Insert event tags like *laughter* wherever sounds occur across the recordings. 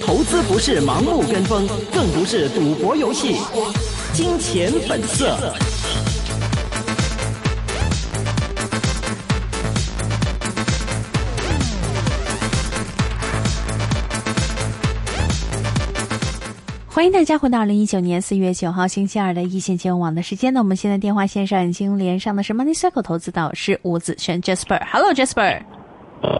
投資不是盲目跟風，更不是賭博遊戲，金錢本色。 *noise* 歡迎大家回到二零一九年四月九號星期二的一線金融網的時間呢，我們現在電話線上已經連上的是 Money Cycle 投資導師吳子軒 Jasper。Jas Hello，Jasper。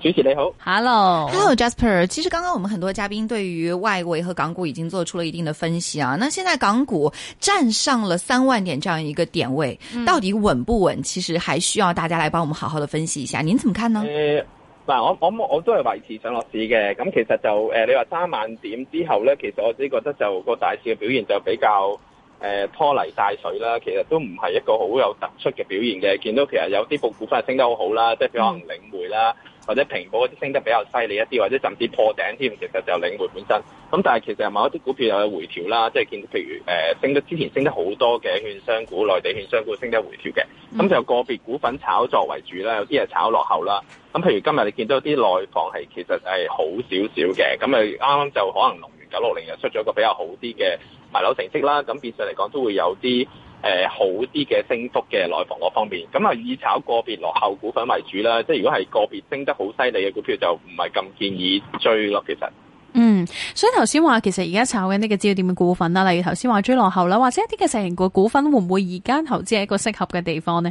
主持你好，Hello，Hello Jasper。其實剛剛我們很多嘉賓對於外圍和港股已經做出了一定的分析啊。那現在港股站上了三萬點這樣一個點位，嗯、到底穩不穩？其實還需要大家來幫我們好好的分析一下。您怎麼看呢？誒，嗱，我我我,我都係維持上落市嘅。咁其實就誒、呃，你話三萬點之後咧，其實我自己覺得就個大市嘅表現就比較誒、呃、拖泥帶水啦。其實都唔係一個好有突出嘅表現嘅。見到其實有啲個股反而升得好好啦，即係譬如可能領匯啦。嗯或者蘋果啲升得比較犀利一啲，或者甚至破頂添，其實就領匯本身。咁但係其實某一啲股票又有回調啦，即係見譬如誒升得之前升得好多嘅券商股、內地券商股升得回調嘅，咁、嗯、就個別股份炒作為主啦，有啲係炒落後啦。咁譬如今日你見到啲內房係其實係好少少嘅，咁誒啱啱就可能龍源九六零又出咗個比較好啲嘅賣樓成績啦，咁變相嚟講都會有啲。誒好啲嘅升幅嘅內房攞方面，咁啊以炒個別落後股份為主啦，即係如果係個別升得好犀利嘅股票，就唔係咁建議追咯。其實，嗯，所以頭先話其實而家炒緊呢個資料點嘅股份啦，例如頭先話追落後啦，或者一啲嘅成型股股份會唔會而家投資喺一個適合嘅地方呢？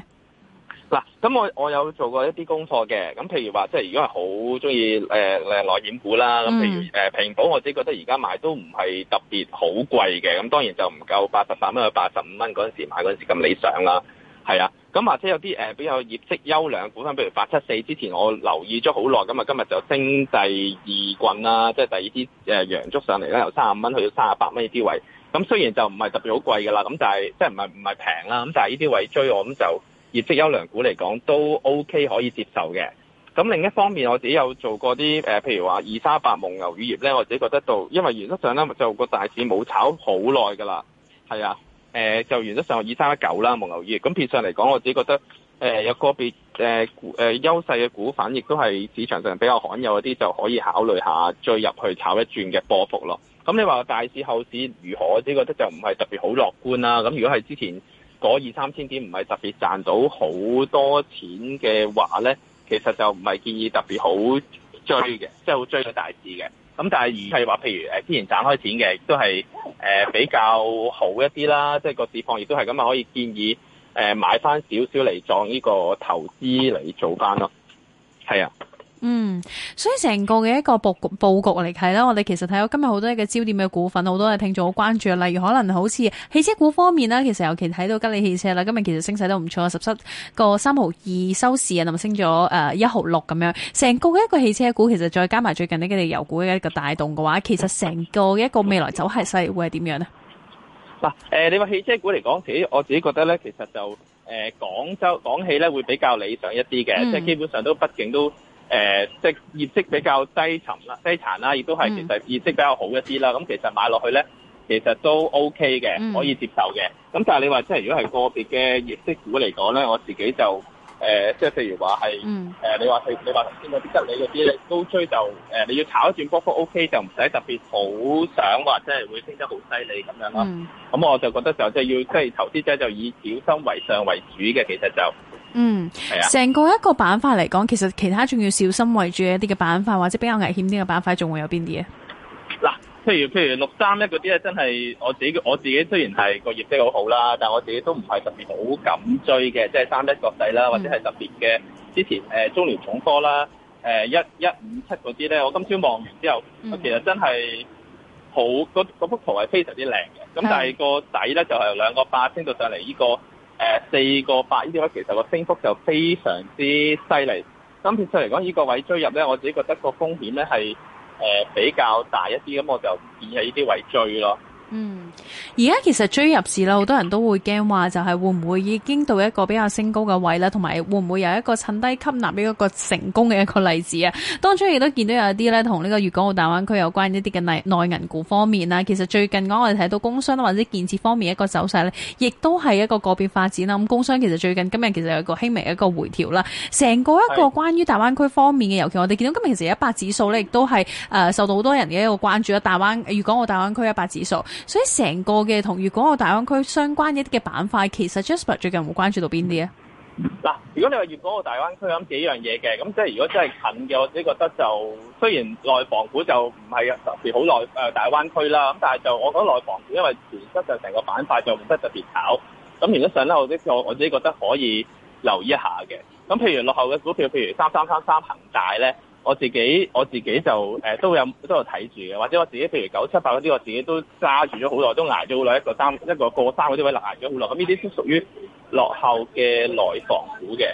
嗱，咁我我有做過一啲功課嘅，咁譬如話，即係如果係好中意誒誒內險股啦，咁譬如誒、嗯、平保，我自己覺得而家買都唔係特別好貴嘅，咁當然就唔夠八十八蚊去八十五蚊嗰陣時買嗰時咁理想啦，係啊，咁或者有啲誒、呃、比較業績優良嘅股份，譬如八七四之前我留意咗好耐，咁啊今日就升第二棍啦、啊，即、就、係、是、第二啲誒陽燭上嚟啦，由三十五蚊去到三十八蚊呢啲位，咁雖然就唔係特別好貴噶啦，咁但係即係唔係唔係平啦，咁但係呢啲位追我咁就。業績優良股嚟講都 OK 可以接受嘅。咁另一方面，我自己有做過啲誒、呃，譬如話二三八蒙牛乳業咧，我自己覺得到，因為原則上咧就個大市冇炒好耐㗎啦。係啊，誒、呃、就原則上二三一九啦，蒙牛乳業。咁變相嚟講，我自己覺得誒、呃、有個別誒誒優勢嘅股份，亦、呃呃呃呃呃、都係市場上比較罕有一啲，就可以考慮下再入去炒一轉嘅波幅咯。咁你話大市後市如何？我自己覺得就唔係特別好樂觀啦。咁如果係之前。嗰二三千點唔係特別賺到好多錢嘅話呢，其實就唔係建議特別好追嘅，即係好追個大市嘅。咁但係而係話，譬如誒之前賺開錢嘅，都係誒、呃、比較好一啲啦。即係個市況亦都係咁啊，可以建議誒、呃、買翻少少嚟撞呢個投資嚟做翻咯。係啊。嗯，所以成個嘅一個布局布局嚟睇啦，我哋其實睇到今日好多一個焦點嘅股份，好多嘅聽眾好關注，例如可能好似汽車股方面啦，其實尤其睇到吉利汽車啦，今日其實升勢都唔錯，十七個三毫二收市啊，咁升咗誒一毫六咁樣。成個嘅一個汽車股，其實再加埋最近呢嘅油股嘅一個帶動嘅話，其實成個嘅一個未來走勢會係點樣咧？嗱、啊，誒、呃，你話汽車股嚟講，自我自己覺得咧，其實就誒廣、呃、州講起咧會比較理想一啲嘅，嗯、即係基本上都畢竟都。誒，即業績比較低沉啦、低殘啦，亦都係其實業績比較好一啲啦。咁其實買落去咧，其實都 OK 嘅，可以接受嘅。咁但係你話即係如果係個別嘅業績股嚟講咧，我自己就誒，即係譬如話係誒，你話你你話頭先嗰啲吉利嗰啲你都追就誒，你要炒一轉波幅 OK，就唔使特別好想話即係會升得好犀利咁樣咯。咁我就覺得就即係要即係投資者就以小心為上為主嘅，其實就。嗯，係、啊、成個一個板塊嚟講，其實其他仲要小心圍住一啲嘅板塊，或者比較危險啲嘅板塊，仲會有邊啲啊？嗱，譬如譬如六三一嗰啲咧，真係我自己我自己雖然係個業績好好啦，但係我自己都唔係特別好敢追嘅，嗯、即係三一國際啦，或者係特別嘅之前誒、呃、中聯重科啦，誒一一五七嗰啲咧，我今朝望完之後，嗯、其實真係好嗰嗰幅圖係非常之靚嘅，咁、嗯、但係個底咧就係兩個八升到上嚟呢、這個。誒四個八呢啲位，其實個升幅就非常之犀利。咁撇出嚟講，呢個位追入咧，我自己覺得個風險咧係誒比較大一啲，咁我就唔建議呢啲位追咯。嗯，而家其實追入市咧，好多人都會驚話，就係會唔會已經到一個比較升高嘅位咧，同埋會唔會有一個趁低吸納一個成功嘅一個例子啊？當初亦都見到有一啲呢，同呢個粵港澳大灣區有關呢啲嘅內銀股方面啦。其實最近我哋睇到工商或者建設方面一個走勢呢，亦都係一個個別發展啦。咁、嗯、工商其實最近今日其實有一個輕微一個回調啦，成個一個關於大灣區方面嘅，是尤其我哋見到今日其實一百指數呢，亦都係誒受到好多人嘅一個關注啦。大灣區粵港澳大灣區一百指數。所以成個嘅同粵港澳大灣區相關一啲嘅板塊，其實 Jasper 最近有冇關注到邊啲啊？嗱，如果你話粵港澳大灣區咁幾樣嘢嘅，咁即係如果真係近嘅，我自己覺得就雖然內房股就唔係特別好內誒大灣區啦，咁但係就我覺得內房股因為前一陣就成個板塊就唔得特別炒，咁前一上咧，我啲我我自己覺得可以留意一下嘅。咁譬如落後嘅股票，譬如三三三三恒大咧。我自己我自己就誒、呃、都有都有睇住嘅，或者我自己譬如九七八嗰啲，我自己都揸住咗好耐，都捱咗好耐一個三一個過三嗰啲位捱，捱咗好耐。咁呢啲都屬於落後嘅內房股嘅。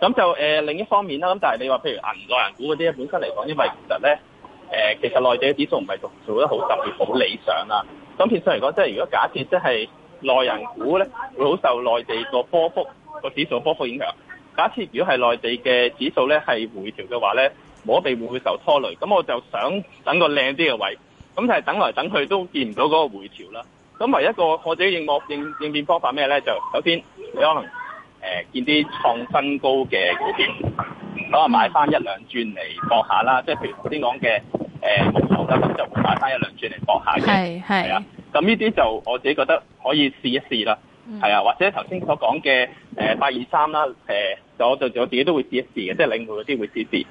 咁就誒、呃、另一方面啦，咁但係你話譬如銀內銀股嗰啲，本身嚟講，因為其實咧誒、呃，其實內地嘅指數唔係做做得好特別好理想啦。咁變相嚟講，即係如果假設即係內銀股咧，會好受內地個波幅個指數波幅影響。假設如果係內地嘅指數咧係回調嘅話咧。冇摸地會受拖累，咁我就想等個靚啲嘅位，咁就係等嚟等去都見唔到嗰個回調啦。咁唯一一個我自己應我應應變方法咩咧？就首先你可能誒、呃、見啲創新高嘅股票，可能買翻一兩轉嚟搏下啦。即係譬如頭先講嘅誒木頭啦，咁就買翻一兩轉嚟搏下嘅，係係啊。咁呢啲就我自己覺得可以試一試啦，係啊，啊，或者頭先所講嘅誒八二三啦，誒、呃、我就我自己都會試一試嘅，即係領匯嗰啲會試一試。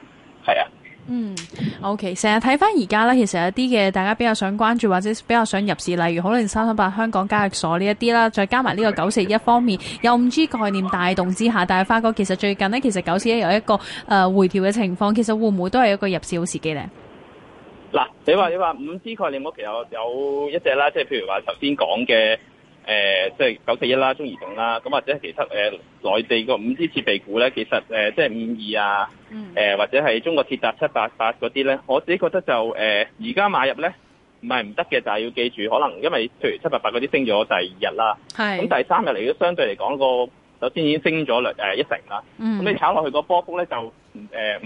係啊，嗯，OK，成日睇翻而家咧，其實有一啲嘅大家比較想關注或者比較想入市，例如可能三三八香港交易所呢一啲啦，再加埋呢個九四一方面，有五 G 概念帶動之下，但係發覺其實最近呢，其實九四一有一個誒回調嘅情況，其實會唔會都係一個入市好時機咧？嗱，你話你話五 G 概念嗰其實有一隻啦，即係譬如話頭先講嘅誒，即係九四一啦，就是、41, 中移動啦，咁或者其實誒內地個五 G 設備股咧，其實誒即係五二啊。誒、嗯呃、或者係中國鐵塔七百八嗰啲咧，我自己覺得就誒而家買入咧，唔係唔得嘅，就係要記住，可能因為譬如七百八嗰啲升咗第二日啦，咁是、嗯嗯、第三日嚟到相對嚟講個首先已經升咗兩一成啦，咁你炒落去個波幅咧就誒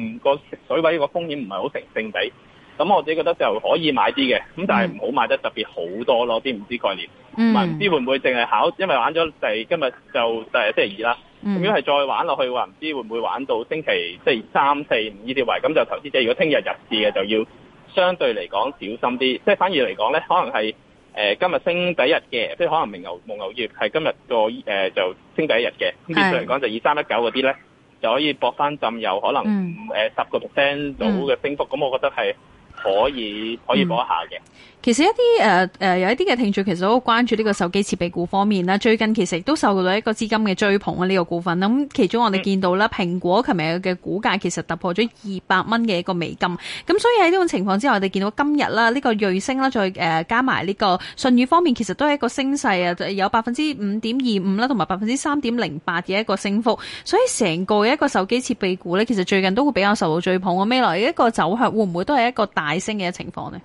唔個水位個風險唔係好成正比，咁我自己覺得就可以買啲嘅，咁但係唔好買得特別好多咯啲唔知，知概念，唔知會唔會淨係考，因為玩咗第今日就第星期二啦。嗯、如果係再玩落去嘅話，唔知會唔會玩到星期即係三四五呢啲位？咁就投資者如果聽日入市嘅，就要相對嚟講小心啲。即係反而嚟講咧，可能係誒、呃、今日升第一日嘅，即係可能明牛夢牛月係今日個誒就升第一日嘅。咁通常嚟講，就二三一九嗰啲咧就可以搏翻浸，又可能誒十個 percent 到嘅升幅。咁、嗯、我覺得係可以可以搏一下嘅。嗯嗯其實一啲誒誒，有一啲嘅聽眾其實都關注呢個手機設備股方面啦。最近其實亦都受到一個資金嘅追捧啊，呢、這個股份咁，嗯、其中我哋見到啦，蘋、嗯、果琴日嘅股價其實突破咗二百蚊嘅一個美金。咁所以喺呢種情況之下，我哋見到今日啦，呢個瑞聲啦，再誒加埋呢個舜宇方面，其實都係一個升勢啊，有百分之五點二五啦，同埋百分之三點零八嘅一個升幅。所以成個一個手機設備股呢，其實最近都會比較受到追捧啊。未來一個走向會唔會都係一個大升嘅情況呢？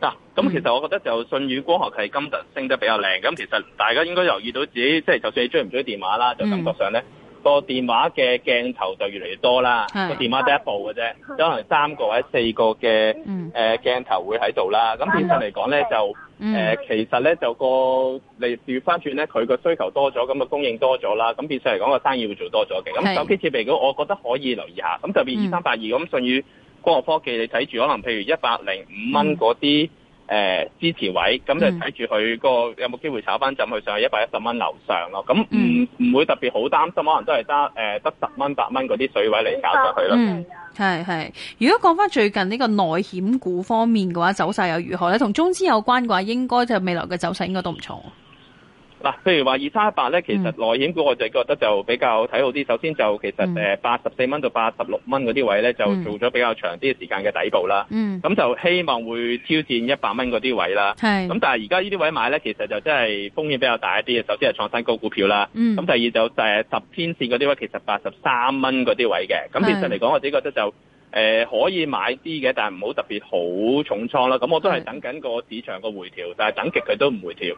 嗱，咁其實我覺得就信宇光學係今日升得比較靚，咁其實大家應該留意到自己，即係就算你追唔追電話啦，就感覺上咧個電話嘅鏡頭就越嚟越多啦。個電話第一部嘅啫，有可能三個或者四個嘅誒鏡頭會喺度啦。咁變相嚟講咧就誒，其實咧就個嚟調翻轉咧，佢個需求多咗，咁嘅供應多咗啦。咁變相嚟講個生意會做多咗嘅。咁手機設備，我覺得可以留意下，咁特別二三八二咁信宇光學科技你睇住可能譬如一百零五蚊嗰啲誒支持位，咁、嗯、就睇住佢個有冇機會炒翻浸去上去一百一十蚊樓上咯。咁唔唔會特別好擔心，嗯、可能都係得誒、呃、得十蚊、八蚊嗰啲水位嚟搞上去咯。嗯，係係。如果講翻最近呢個內險股方面嘅話，走勢又如何咧？同中資有關嘅話，應該就未來嘅走勢應該都唔錯。嗱，譬如話二三一八咧，其實內險股我就覺得就比較睇好啲。嗯、首先就其實誒八十四蚊到八十六蚊嗰啲位咧，就做咗比較長啲嘅時間嘅底部啦。咁、嗯、就希望會挑戰一百蚊嗰啲位啦。咁是但係而家呢啲位買咧，其實就真係風險比較大一啲。首先係創新高股票啦。咁、嗯、第二就誒十天線嗰啲位，其實八十三蚊嗰啲位嘅。咁其實嚟講，我自己覺得就。誒、呃、可以買啲嘅，但係唔好特別好重倉啦。咁我都係等緊個市場個回調，的但係等極佢都唔回調，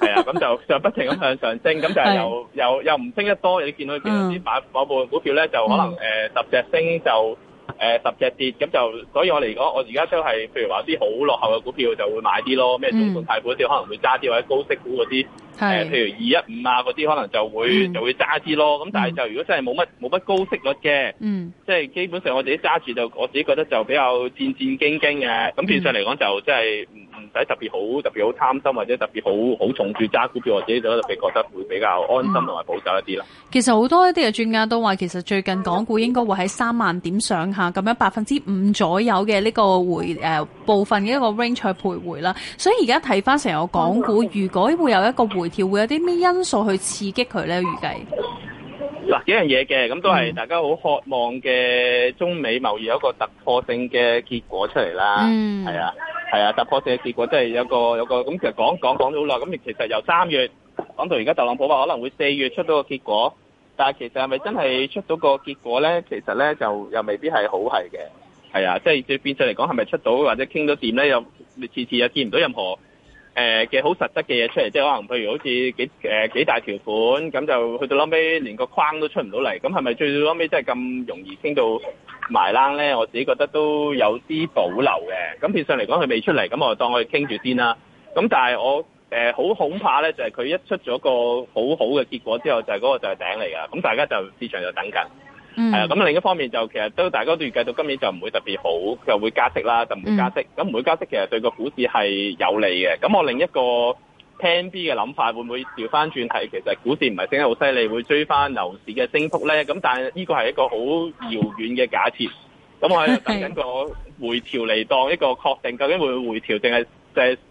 係啊。 *laughs* 咁就就不停咁向上升，咁 *laughs* 就 *laughs* 又又又唔升得多。你見到啲某 *laughs* 部分股票咧，就可能誒、 *laughs* 呃、十隻升就。誒、呃、十隻跌，咁就所以我嚟講，我而家都係譬如話啲好落後嘅股票就會買啲咯，咩中盤、大盤啲可能會揸啲，或者高息股嗰啲，誒是、呃、譬如二一五啊嗰啲可能就會、嗯、就會揸啲咯。咁但係就如果真係冇乜冇乜高息率嘅，嗯、即係基本上我自己揸住就我自己覺得就比較戰戰兢兢嘅。咁變相嚟講就真係。嗯嗯唔使特別好，特別好貪心或者特別好好重注揸股票，或者就特別覺得會比較安心同埋保守一啲啦、嗯。其實好多一啲嘅專家都話，其實最近港股應該會喺三萬點上下咁樣百分之五左右嘅呢個回誒、呃、部分嘅一個 range 去徘徊啦。所以而家睇翻成個港股，嗯、如果會有一個回調，會有啲咩因素去刺激佢咧？預計嗱幾樣嘢嘅，咁都係大家好渴望嘅中美貿易有一個突破性嘅結果出嚟啦。嗯，係啊。係啊，突破性嘅結果即係有個有個咁，其實講講講咗好耐，咁其實由三月講到而家，特朗普話可能會四月出到個結果，但係其實係咪真係出到個結果咧？其實咧就又未必係好係嘅。係啊，即係對變相嚟講，係咪出到或者傾到掂咧？又你次次又見唔到任何。誒嘅好實質嘅嘢出嚟，即係可能譬如好似幾誒、呃、幾大條款，咁就去到撈尾連個框都出唔到嚟。咁係咪最撈尾真係咁容易傾到埋冷咧？我自己覺得都有啲保留嘅。咁變相嚟講，佢未出嚟，咁我就當我哋傾住先啦。咁但係我誒好、呃、恐怕咧，就係、是、佢一出咗個好好嘅結果之後，就係、是、嗰個就係頂嚟㗎。咁大家就市場就等緊。係啊，咁、mm hmm. 另一方面就其實都大家都預計到今年就唔會特別好，就會加息啦，就唔會加息。咁唔、mm hmm. 會加息其實對個股市係有利嘅。咁我另一個聽 B 嘅諗法，會唔會調翻轉係其實股市唔係升得好犀利，會追翻牛市嘅升幅咧？咁但係呢個係一個好遙遠嘅假設。咁 *laughs* 我喺度等緊個回調嚟當一個確定，究竟會唔會回調定係？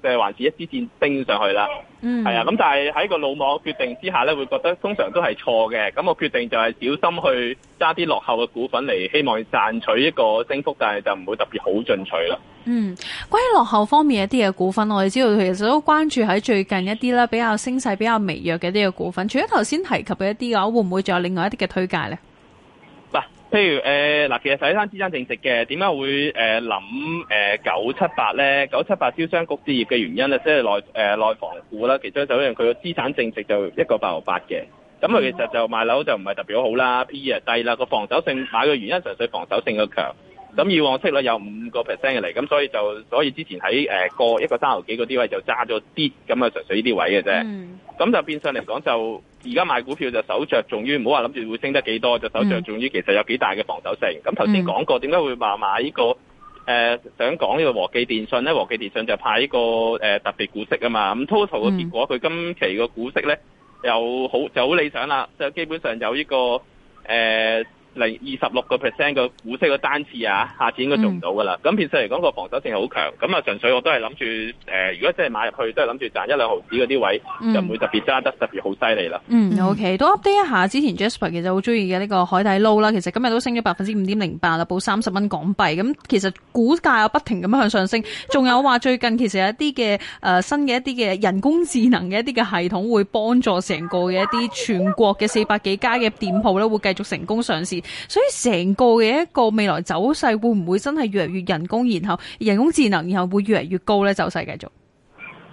就還是一支箭升上去啦，係啊、嗯，咁但係喺個魯莽決定之下呢，會覺得通常都係錯嘅。咁我決定就係小心去揸啲落後嘅股份嚟，希望賺取一個升幅，但係就唔會特別好進取啦。嗯，關於落後方面一啲嘅股份，我哋知道其實都關注喺最近一啲咧比較升勢比較微弱嘅啲嘅股份。除咗頭先提及嘅一啲嘅話，會唔會仲有另外一啲嘅推介呢？譬如誒嗱、呃，其實洗三資產淨值嘅點解會誒諗誒九七八咧？九七八招商局置業嘅原因咧，即係內誒、呃、內房股啦。其中首因佢個資產淨值就一個八毫八嘅，咁佢其實就賣樓就唔係特別好啦，P E 又低啦，個防守性買嘅原因純粹防守性嘅強。咁以往息率有五個 percent 嘅嚟，咁所以就所以之前喺誒個一個三毫幾嗰啲位就揸咗啲咁啊，純粹呢啲位嘅啫。咁、mm. 就變相嚟講，就而家買股票就手着重於唔好話諗住會升得幾多，就手着重於其實有幾大嘅防守性。咁頭先講過點解會話買呢、呢個誒、呃、想講呢個和記電信咧？和記電信就派呢個誒、呃、特別股息啊嘛。咁 total 嘅結果，佢、mm. 今期個股息咧又好就好理想啦，即係基本上有呢個誒。呃零二十六個 percent 嘅股息嘅單次啊，下次應該做唔到噶啦。咁、嗯、其實嚟講，個防守性好強。咁啊，純粹我都係諗住誒，如果真係買入去，都係諗住賺一兩毫子嗰啲位，嗯、就唔會特別揸得特別好犀利啦。嗯，OK，都 update 一下之前 Jasper 其實好中意嘅呢個海底撈啦。其實今日都升咗百分之五點零八啦，報三十蚊港幣。咁其實股價又不停咁樣向上升，仲有話最近其實有一啲嘅誒新嘅一啲嘅人工智能嘅一啲嘅系統會幫助成個嘅一啲全國嘅四百幾家嘅店鋪咧，會繼續成功上市。所以成個嘅一個未來走勢會唔會真係越嚟越人工，然後人工智能，然後會越嚟越高咧？走勢繼續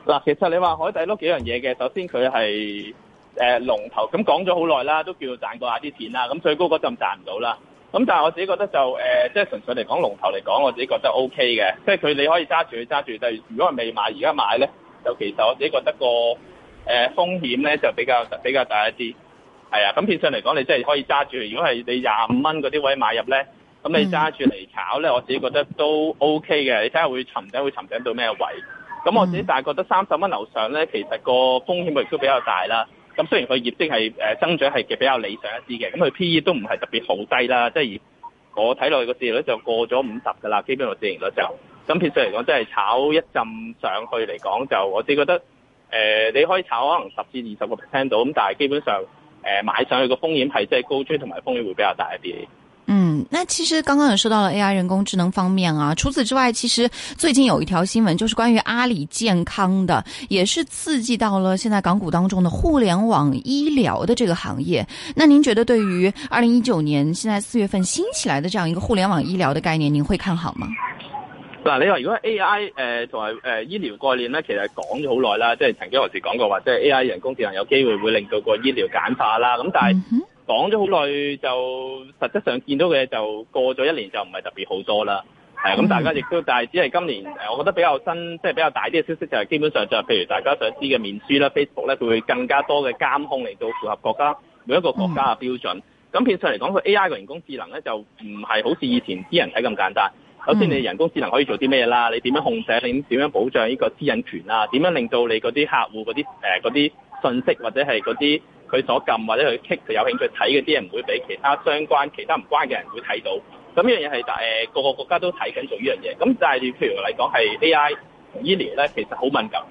嗱，其實你話海底撈幾樣嘢嘅，首先佢係誒龍頭，咁講咗好耐啦，都叫賺過下啲錢啦。咁、嗯、最高嗰陣賺唔到啦。咁、嗯、但係我自己覺得就誒，即係純粹嚟講龍頭嚟講，我自己覺得 OK 嘅，即係佢你可以揸住去揸住。但係如果係未買而家買咧，就其實我自己覺得個誒風險咧就比較比較大一啲。係啊，咁變相嚟講，你真係可以揸住。如果係你廿五蚊嗰啲位買入咧，咁你揸住嚟炒咧，我自己覺得都 O K 嘅。你睇下會沉頂會沉頂到咩位？咁我自己就係覺得三十蚊樓上咧，其實個風險亦都比較大啦。咁雖然佢業績係誒增長係比較理想一啲嘅，咁佢 P E 都唔係特別好低啦。即係而我睇落去個市盈率就過咗五十噶啦，基本個市盈率就咁。變相嚟講，真係炒一浸上去嚟講，就我自己覺得誒、呃、你可以炒可能十至二十個 percent 到咁，但係基本上。誒，買上一個風險係即高追，同埋風險會比較大一啲。嗯，那其實剛剛也說到了 AI 人工智能方面啊，除此之外，其實最近有一條新聞，就是關於阿里健康的，也是刺激到了現在港股當中的互聯網醫療的這個行業。那您覺得對於二零一九年現在四月份新起來的這樣一個互聯網醫療的概念，您會看好嗎？嗱，你話如果 A.I. 誒同埋誒醫療概念咧，其實講咗好耐啦，即係曾經有時講過話，即係 A.I. 人工智能有機會會令到個醫療簡化啦。咁但係講咗好耐，就實質上見到嘅就過咗一年就唔係特別好多啦。係啊，咁大家亦都，嗯、但係只係今年誒、呃，我覺得比較新，即係比較大啲嘅消息就係基本上就係、是、譬如大家想知嘅面書啦、Facebook 咧，佢會更加多嘅監控嚟到符合國家每一個國家嘅標準。咁變相嚟講，佢 A.I. 個人工智能咧就唔係好似以前啲人睇咁簡單。嗯、首先你人工智能可以做啲咩啦？你點樣控制？你點樣保障呢個私隱權啊？點樣令到你嗰啲客戶嗰啲誒啲信息或者係嗰啲佢所撳或者佢 click 佢有興趣睇嗰啲，唔會俾其他相關其他唔關嘅人會睇到。咁呢樣嘢係誒個個國家都睇緊做呢樣嘢。咁但係要譬如嚟講係 AI 同醫療咧，其實好敏感。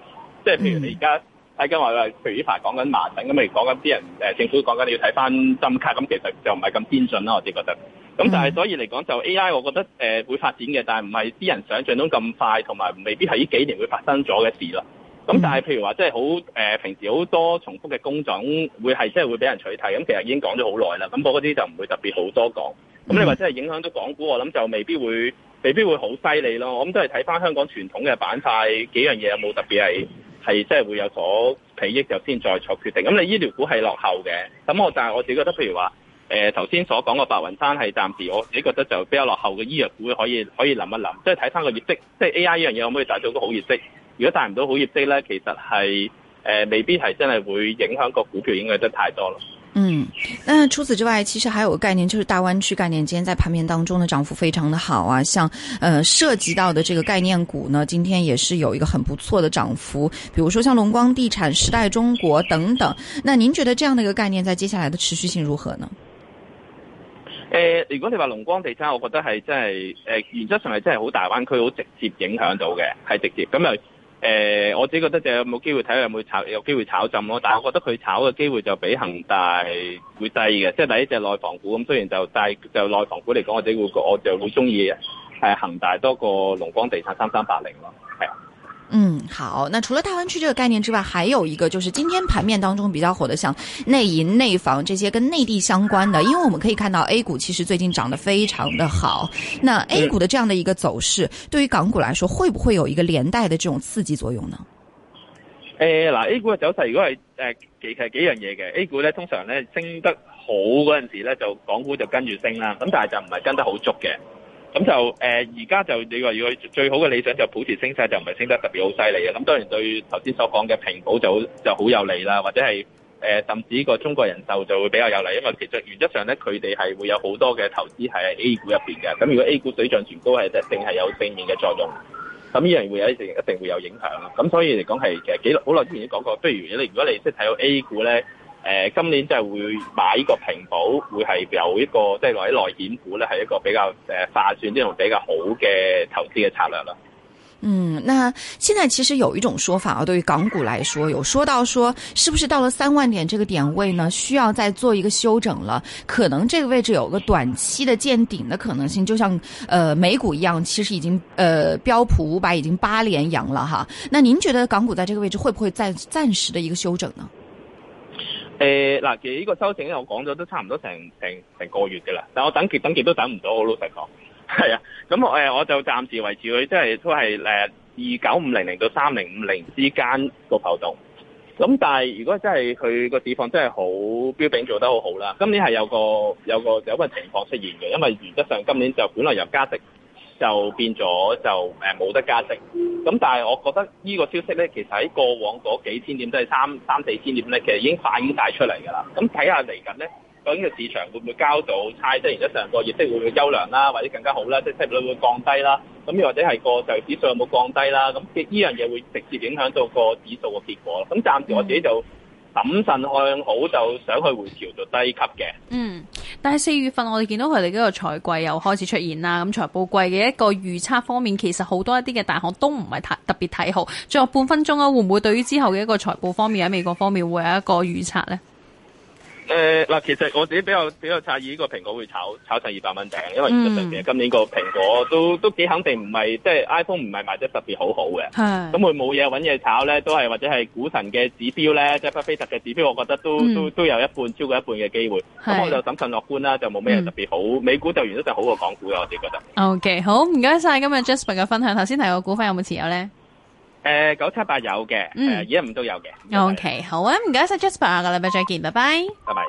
即係譬如你而家喺今日譬如呢排講緊麻疹咁，譬如講緊啲人誒、呃、政府講緊你要睇翻針卡，咁其實就唔係咁先進啦。我自己覺得。咁、嗯、但係所以嚟講，就 A.I. 我覺得誒會發展嘅，但係唔係啲人想象中咁快，同埋未必係呢幾年會發生咗嘅事啦。咁但係譬如話，即係好誒，平時好多重複嘅工種會係即係會俾人取締，咁、嗯嗯、其實已經講咗好耐啦。咁我嗰啲就唔會特別好多講。咁你話即係影響到港股，我諗就未必會，未必會好犀利咯。我諗都係睇翻香港傳統嘅板塊幾樣嘢有冇特別係係即係會有所裨益，就先再作決定。咁、嗯、你醫療股係落後嘅，咁我就係我自己覺得，譬如話。誒，頭先、呃、所講嘅白雲山係暫時我自己覺得就比較落後嘅醫藥股，可以可以諗一諗，就是，即係睇翻個業績，即係 A I 呢樣嘢可唔可以帶到個好業績？如果帶唔到好業績咧，其實係誒、呃、未必係真係會影響個股票影響得太多咯。嗯，那除此之外，其實還有個概念，就是大灣區概念，今天在盤面當中嘅漲幅非常的好啊。像誒、呃、涉及到的這個概念股呢，今天也是有一個很不錯的漲幅，比如說像龍光地產、時代中國等等。那您覺得這樣嘅一個概念，在接下來的持續性如何呢？誒、呃，如果你話龍光地產，我覺得係真係，誒、呃，原則上係真係好大灣區，好直接影響到嘅，係直接。咁又誒，我自己覺得就有冇機會睇下有冇炒，有機會炒浸咯。但係我覺得佢炒嘅機會就比恒大會低嘅，即係第一隻內房股咁。雖然就但係就內房股嚟講，我哋會我就好中意誒恒大多過龍光地產三三八零咯，係啊。嗯，好。那除了大灣區這個概念之外，還有一個就是今天盤面當中比較火的，像內銀、內房這些跟內地相關的。因為我們可以看到 A 股其實最近漲得非常的好，那 A 股的這樣的一個走勢，就是、對於港股來說，會不會有一個連帶的這種刺激作用呢？誒、欸，嗱、呃、A 股嘅走勢如果係誒其實係幾樣嘢嘅，A 股呢通常呢升得好嗰陣時呢，就港股就跟住升啦，咁但係就唔係跟得好足嘅。咁就誒，而、呃、家就你話如果最好嘅理想就保持升勢，就唔係升得特別好犀利嘅。咁當然對頭先所講嘅平保就就好有利啦，或者係誒、呃，甚至個中國人壽就會比較有利，因為其實原則上咧，佢哋係會有好多嘅投資喺 A 股入邊嘅。咁如果 A 股水漲船高，係一定係有正面嘅作用，咁依樣會有一定一定會有影響。咁所以嚟講係其實幾好耐之前已經都講過，不如你如果你即係睇到 A 股咧。呃、今年就係會買一個平保，會係有一個即係落喺內險股咧，係一個比較誒、呃、化算呢種比較好嘅投資嘅策略啦。嗯，那現在其實有一種說法啊，對於港股來說，有說到說，是不是到了三萬點這個點位呢，需要再做一個修整了？可能這個位置有個短期的見頂的可能性，就像誒、呃、美股一樣，其實已經誒、呃、標普五百已經八連陽了哈。那您覺得港股在這個位置會不會暫暫時的一個修整呢？誒，嗱，其實呢個修正咧，我講咗都差唔多成成成個月嘅啦，但我等極等極都等唔到，我老實講，係啊，咁我誒，我就暫時維持佢，即係都係誒二九五零零到三零五零之間個波動，咁但係如果真係佢個地方真係好標炳做得好好啦，今年係有個有個有個情況出現嘅，因為原則上今年就本來有加值。就變咗就誒冇得加息，咁但係我覺得呢個消息咧，其實喺過往嗰幾千點即係三三四千點咧，其實已經反映晒出嚟㗎啦。咁睇下嚟緊咧，究竟個市場會唔會交到差？即係而家上個月業績會唔會優良啦、啊，或者更加好啦、啊？即係息率會降低啦、啊，咁又或者係個就指數有冇降低啦、啊？咁呢依樣嘢會直接影響到個指數嘅結果。咁暫時我自己就，嗯謹慎向好，就想去回調到低級嘅。嗯，但係四月份我哋見到佢哋嗰個財季又開始出現啦。咁財報季嘅一個預測方面，其實好多一啲嘅大行都唔係太特別睇好。最後半分鐘啊，會唔會對於之後嘅一個財報方面喺美國方面會有一個預測呢？誒、嗱、呃，其實我自己比較比較詫異呢個蘋果會炒炒晒二百蚊頂，因為實質上嘅今年個蘋果都、嗯、都，都幾肯定唔係、就是唉，即係 iPhone 唔係賣得特別好好嘅，咁會冇嘢揾嘢炒咧，都係或者係股神嘅指標咧，即係巴菲特嘅指標，我覺得都都、嗯、都有一半超過一半嘅機會，咁、嗯、我就審慎樂觀啦，就冇咩特別好，嗯、美股就完咗就好過港股嘅，我自己覺得。O、okay, K，好唔該晒今日 Jasper 嘅分享，頭先提個股份有冇持有咧？誒、呃，九七八有嘅，誒、嗯，二一、呃、五都有嘅。O Okay, K，okay. 好啊，唔該晒 Jasper，下個禮拜再見，拜拜，拜拜。